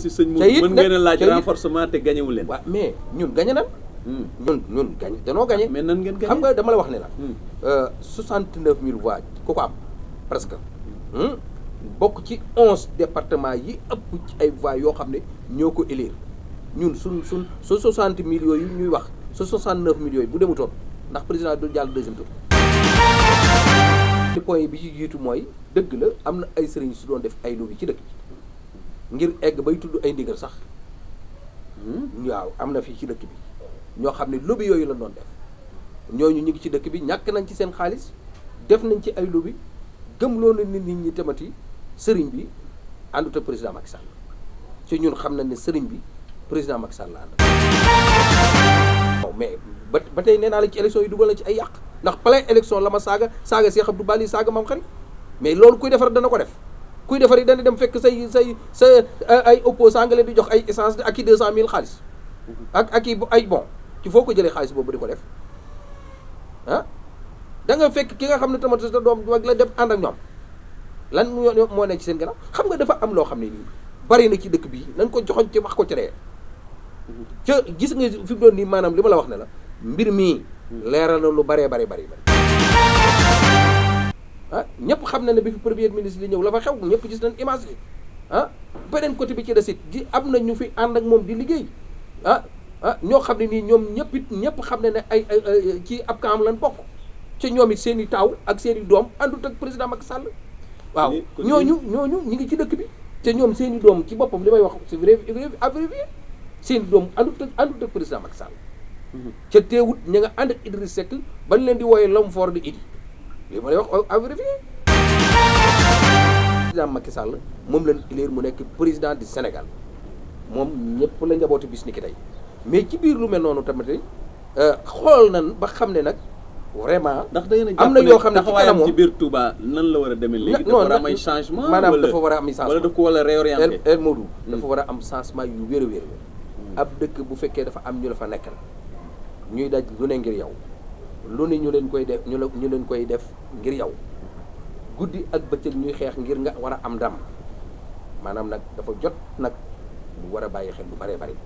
si sëñ Mourou mën ngeen a laaj renforcement te gagné wu leen. waaw mais ñun gagné nan. Hmm. ñun ñun gagné danoo gagné. mais nan ngeen gagné xam nga dama la wax ne la. 69000 hmm. euh, voix ku ko am presque. Hmm? bokk ci 11 départements yi ëpp ci ay voix yoo xam ne ñoo ko élire ñun suñ suñ su 60 mille yooyu ñuy wax su 69 mille yooyu bu demutoon ndax président du jàll deuxième tour. ci point bi ci jiitu mooy dëgg la am na ay sëriñ su doon def ay lobby ci dëkk. ngir egg bay tudd ay ndigal sax hmm? waaw am na fii ci dëkk bi ñoo xam ne lobby yooyu la doon def ñooñu ñu ngi ci dëkk bi ñàkk nañ ci seen xaalis def nañ ci ay lobby gëmloo na nit ñi tamati sëriñ bi àndut ak président Macky Sall ci ñun xam nañ ne sëriñ bi président Macky Sall la ànd. bon mais ba ba tey nee naa la ci élection yi dugal na ci ay yàq ndax pale élection la ma saaga saaga Cheikh Abdou Bali saaga Mame Khary mais loolu kuy defar dana ko def. kuy defar yi dana dem fekk say say sa ay opposant nga leen di jox ay essence ak i deux cent mille xaalis ak ak i ay bon ci foo ko jëlee xaalis boobu di ko def ah? danga fekk ki nga xam ne tamit sa doom mag la def ànd ak ñoom lan moo ne ci seen gannaaw xam nga dafa am loo xam ne bari na ci dëkk bi nañ ko joxoñ ci wax ko ci ree ca gis nga fi mu doon nii maanaam li ma la wax ne la mbir mii leeral na lu baree bare bari bari ah ñëpp xam na ne bi fi premier ministre li ñëw la fa xew ñëpp gis nañ image yi ah beneen côté bi ci desit it di am na ñu fi ànd ak moom di liggéey ah ah ñoo xam ne nii ñoom ñëpp it ñëpp xam ne ne ay ay ci ab camp lan bokk ci ñoom it seen i taaw ak seen i doom àndut ak président Macky Sall waaw ñooñu ñooñu ñi ngi ci dëkk bi te ñoom seen i doom ci boppam li may wax c'est vrai avérifié seen i doom àndut ak àndut ak président Macky Sall mhm. ca teewut ña nga ànd ak Idriss Seck bañ leen di wooyee l'homme fort de li ma lay wax à vérifier président moom lañ élire mu nekk président du Sénégal moom ñëpp la njabooti bis ni ki tey mais ci biir lu mel noonu tamit euh, xool nan ba xam ne nag vraiment. ndax da ngeen am na yoo xam ne ci kanamoon ci biir Touba nan la war a demee léegi. dafa war a am ay changement maanaam dafa war a am ay changement wala dafa war a réorienté. El Modou hmm. dafa war a am changement yu wér hmm. ab dëkk bu fekkee dafa am ñu la fa nekkal ñuy daj lu ne ngir yow. lu ne ñu leen koy def ñu la ñu leen koy def ngir yow guddi ak bëccëg ñuy xeex ngir nga war a am ndam maanaam nag dafa jot nag bu war a bàyyi xel lu bëree bëri